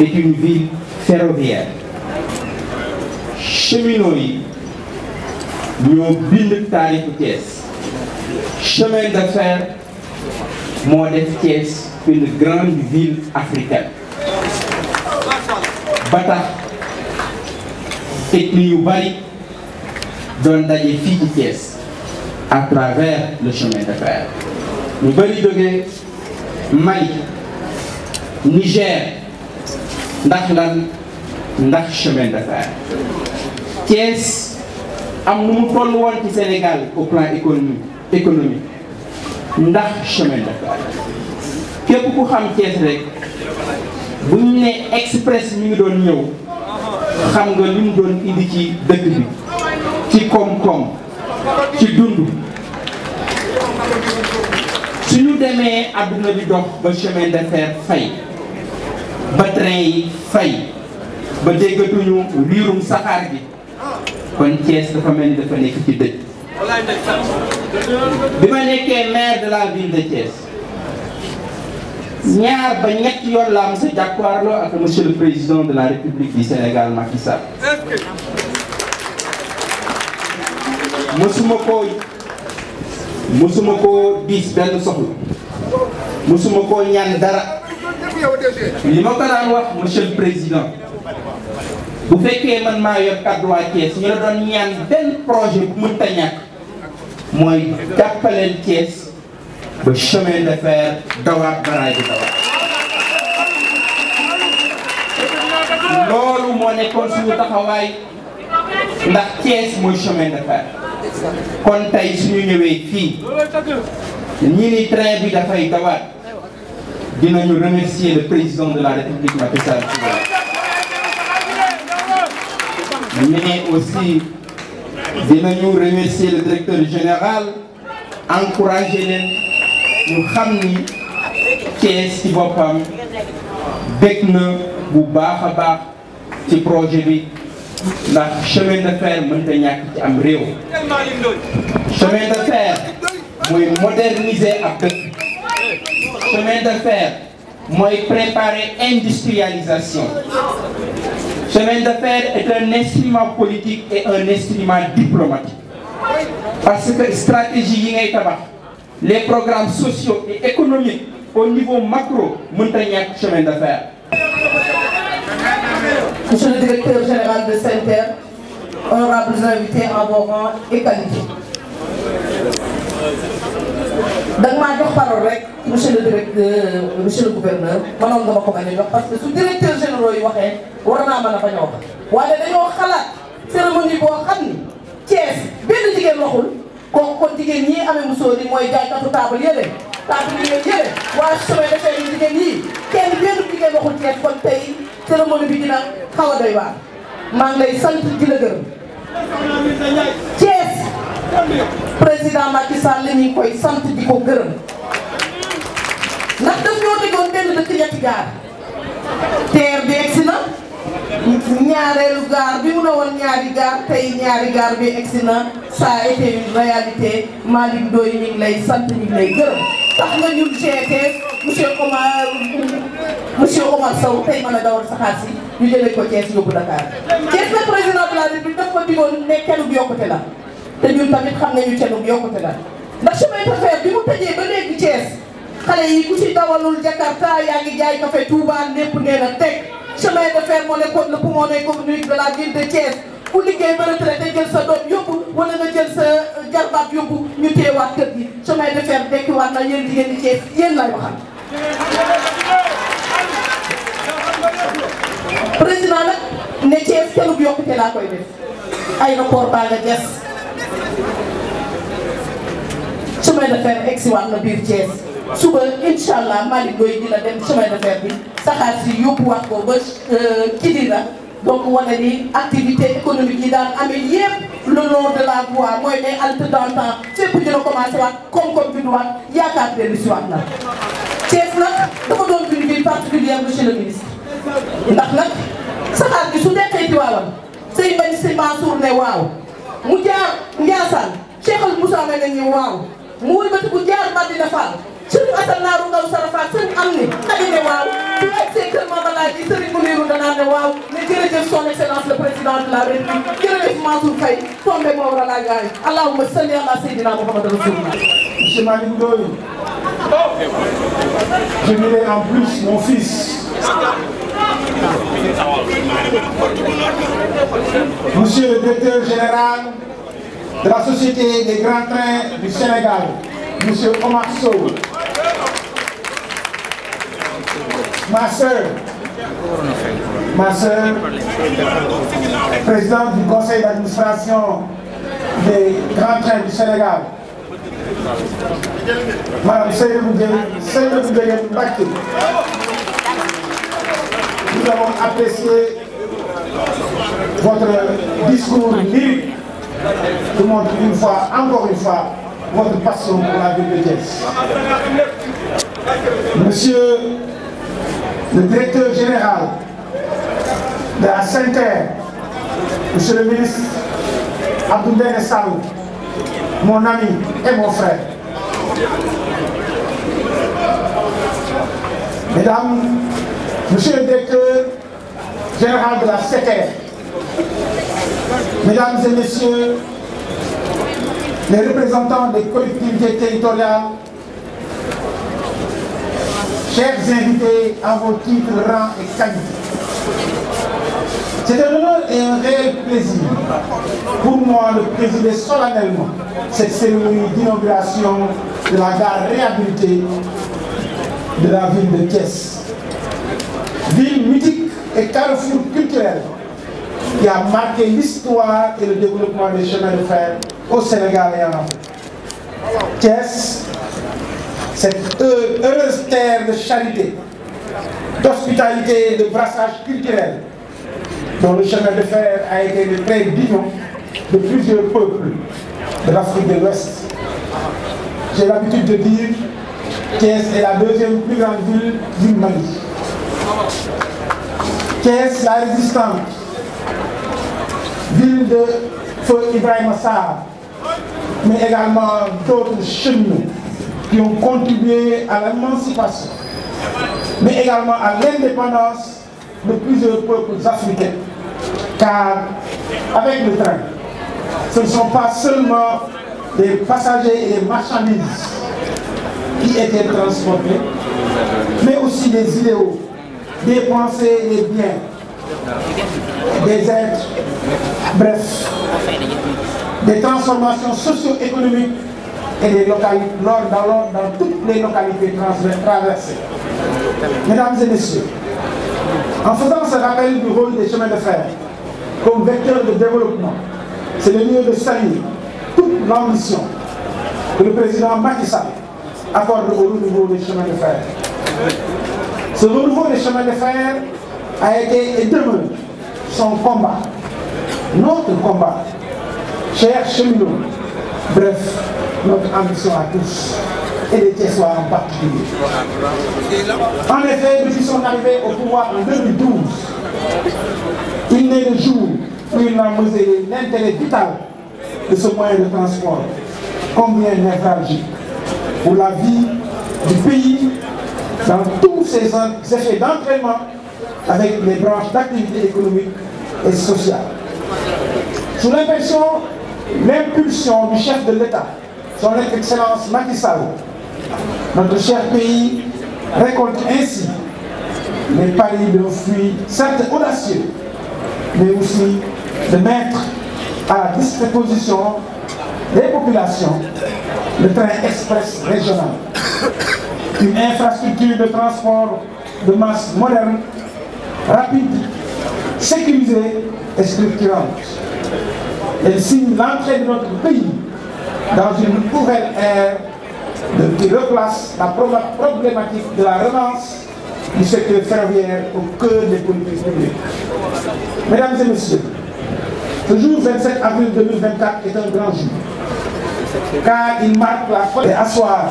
est une ville ferroviaire cheminots yi ñoo bind taarifu Thiès chemin de fer moo def une grande ville africaine ba tax ethnie bari doon daje fii ci Thiès à travers le chemin de fer ñu bari jógee Mali Niger ndax lan ndax chemin de fer Thiès am nu mu toll woon ci Sénégal au plan économique ndax chemin de fer képp ku xam Thiès rek bu ñu ne express mi ngi doon ñëw xam nga li mu doon indi ci dëkk bi ci koom-koom ci su ñu demee àdduna bi dox ba chemin de fer fay train yi fay ba déggatuñu liirum saxaar gi kon Thiès dafa mel ni dafa nekk ci dëj bi ma nekkee maire de la ville de ñaar ba ñett yoon laa mos a jàkkaarloo ak monsieur le président de la république du Sénégal Macky Sall mosuma koo mosuma koo diis benn soxla mosuma koo ñaan dara yow DG. li wax monsieur président bu fekkee man maa yor kàddu la doon ñaan benn projet bu mënta ñàkk mooy jàppaleen Thiès ba chemin de fer dawaat baraay bi dawaat. loolu moo nekkoon suñu taxawaay ndax Thiès mooy chemin de fer kon tey suñu ñëwee fii ñi ni train bi dafay dawaat. dinañu remercier le président de la République Macky Sall mais aussi dinañu remercier le directeur général encourager leen ñu xam ni Thiès ci boppam bég na bu baax a baax ci projet bi ndax chemin de fer mënta ñàkk ci am réew chemin de fer mooy moderniser ab chemin de mooy préparer industrialisation chemin de fer est un instrument politique et un instrument diplomatique parce que stratégie yi ngay tabax les programmes sociaux et économiques au niveau macro mënta ñàkk chemin de fer Monsieur le directeur général de SENTER, honorables invités en vos rangs et qualités da nga maa jox parole rek monsieur le directeur monsieur le gouverneur mënoon nga ma ko bañ a jox parce que su directeur généraux yi waxee war naa mën a bañ a wax waaye dañoo xalaat cérémonie boo xam ni Thiès benn jigéen waxul kooku kon jigéen ñii amee musóor yi mooy jaaykatu taabal yële taabal yi nga jële waa chemin de fer yi jigéen ñii kenn benn jigéen waxul Thiès kon tey cérémonie bi dina xaw a doy waar maa ngi lay sant di président Macky Sall la koy sant di ko gërëm ndax daf ñoo tegoon benn dëkk ñetti gaar teer bi egsi na ñaareelu gaar bi mu ne woon ñaari gaar tey ñaari gaar bi egsi na sa a été une réalité Malick lay sant ñu ngi lay gërëm tax nga ñun GTS monsieur Omar monsieur Omar Sow tey mën a dawal saxaar si ñu jëlee ko Thiès yóbbu Dakar Thiès la président de la République daf ko digoon ne kenn yokkute la. te ñun tamit xam nañu cenum yokkute la ndax yi ku ci dawalul Jakarta yaa ngi jaay café la ville de Thiès sa doom yóbbu wala nga jël sa euh, jarbaat yóbbu ñu téewaat kër gi chemin na yéen jigéen ñi Thiès yéen yokkute laa koy def aéroport baa nga des chemin de fer egg si biir Thiès suba incha allah Malick Boye dina dem chemin de fer bi saxaar si yóbbuwaat ko ba euh, Kidira donc wane ni activité économique yi daan amee yépp le long de la voie mooy day halte dans le temps fépp dina commencé waat koom-koom bi du waat yaakaar dellu si waat na. Thiès nag dafa doon une ville particulière monsieur le ministre ndax nag saxaar gi su nekkee ci waawam sëy bañ si Mansour ne waaw. mu jaar Ndiassane Cheikhal Moussa may nañ ñu waaw mu wëlbati ku jaar Madina Fall sëriñ Assane Naaru Ngaw Sara Fall sëriñ am ni xëy na waaw su egsee kër Mama Laaji sëriñ mu niiru danaa ne waaw ne jërëjëf son excellence le président de la république jërëjëf Mansour Faye tombé moo war a laa gaay allahumma salli ala sayyidina Muhammad rasulullah. monsieur Malick Ndoye je dirai en plus mon fils. Monsieur le directeur général de la Société des grands trains du Sénégal, Monsieur Omar Sow. Ma sœur, ma sœur, présidente du conseil d'administration des grands trains du Sénégal. Madame Seydou Seydou Mbacke. Nous avons apprécié votre discours lyrique nous montre une fois, encore une fois, votre passion pour la ville Monsieur le directeur général de la sainte Monsieur le ministre Abdoulaye Salou, mon ami et mon frère. Mesdames, Monsieur le directeur général de la CETER, Mesdames et messieurs, les représentants des collectivités territoriales, chers invités à vos titres, rangs et qualités, c'est un honneur de la gare réhabilitée de la ville de Thiès. Ville mythique et carrefour culturel qui a marqué l'histoire et le développement des chemins de fer au Sénégal et en Afrique. Thiès, cette heureuse terre de charité, d'hospitalité de brassage culturel, dont le chemin de fer a été le trait de plusieurs peuples de l'Afrique de l'Ouest. J'ai l'habitude de dire Thiès est la deuxième plus grande ville du Mali. la résistance ville de Feu Ibrahima Sarr, mais également d'autres cheminots qui ont contribué à l'émancipation, mais également à l'indépendance de plusieurs peuples africains. Car avec le train, ce ne sont pas seulement des passagers et des marchandises qui étaient transportés, mais aussi des idéaux, des pensées et des des êtres, bref, des transformations socio-économiques et des localités, dans, dans toutes les localités traversées. Mesdames et messieurs, en faisant ce rappel du rôle des chemins de fer comme vecteur de développement, c'est le lieu de saluer toute l'ambition que le président Macky Sall accorde au renouveau des chemins de fer. Ce renouveau des chemins de fer a été et demeure son combat, notre combat, chers cheminots, bref, notre ambition à tous, et les Thiessois en particulier. En effet, depuis son arrivée en 2012, il n'est le jour où il n'a mesuré l'intérêt vital de ce moyen de transport, combien névralgique pour la vie du pays dans tous ses effets avec les branches d'activité économique et sociale. Sous l'impulsion, l'impulsion du chef de l'État, son Excellence Macky Sall, notre cher pays récolte ainsi les paris d'un fruit certes audacieux, mais aussi de mettre à la disposition des populations le train express régional, une infrastructure de transport de masse moderne rapide, sécurisée et structurante. Elle signe l'entrée de notre pays dans une nouvelle ère qui replace la problématique de la relance du secteur ferroviaire au cœur des politiques publiques. Mesdames et messieurs, ce jour 27 avril 2024 est un grand jour, car il marque la fin et asseoir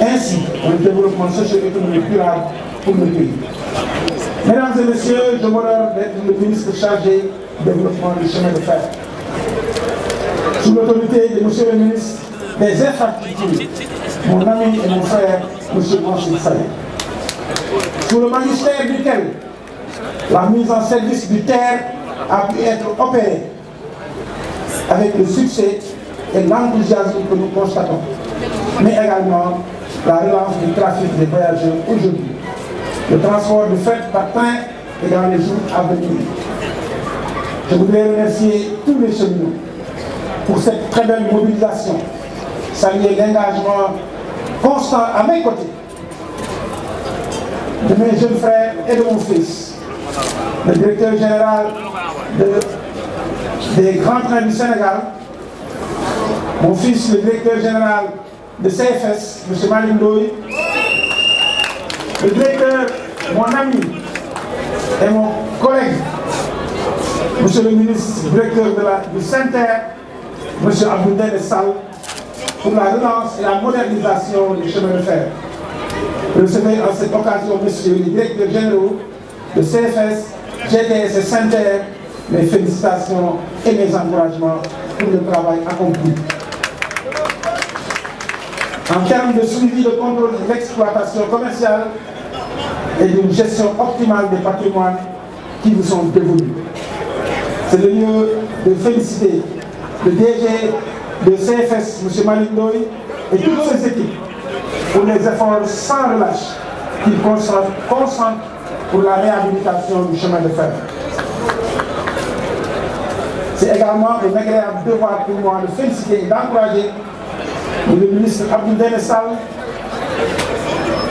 ainsi le développement socio-économique durable pour le pays. Mesdames et messieurs, je d'être ministre chargé du développement du chemin de fer. Sous l'autorité de monsieur le ministre des Infrastructures, mon ami et mon frère, monsieur le magistère duquel la mise en service du TER a pu opérée avec le succès et l'enthousiasme que nous constatons, mais également la relance du trafic des voyageurs aujourd'hui. le transport de fret par train et dans les jours à venir. Je voudrais remercier tous les cheminots pour cette très mobilisation, saluer l'engagement constant à mes côtés de mon fils, le directeur général de, des grands trains du le directeur, mon ami et mon collègue, monsieur le ministre, directeur de la, du Centre, monsieur Aboudin de Sal, pour la relance et la modernisation du chemin de fer. Recevez en cette occasion, monsieur le directeur général de CFS, GDS Centre, mes félicitations et mes encouragements pour le travail accompli. En termes de suivi de contrôle de l'exploitation commerciale, et d'une gestion optimale des patrimoines qui vous sont dévolus. C'est le lieu de féliciter le DG de CFS, M. Malik et toutes ses équipes pour les efforts sans relâche qu'ils consentent pour la réhabilitation du chemin de fer. C'est également un agréable devoir pour de féliciter et d'encourager le ministre Abdou Sall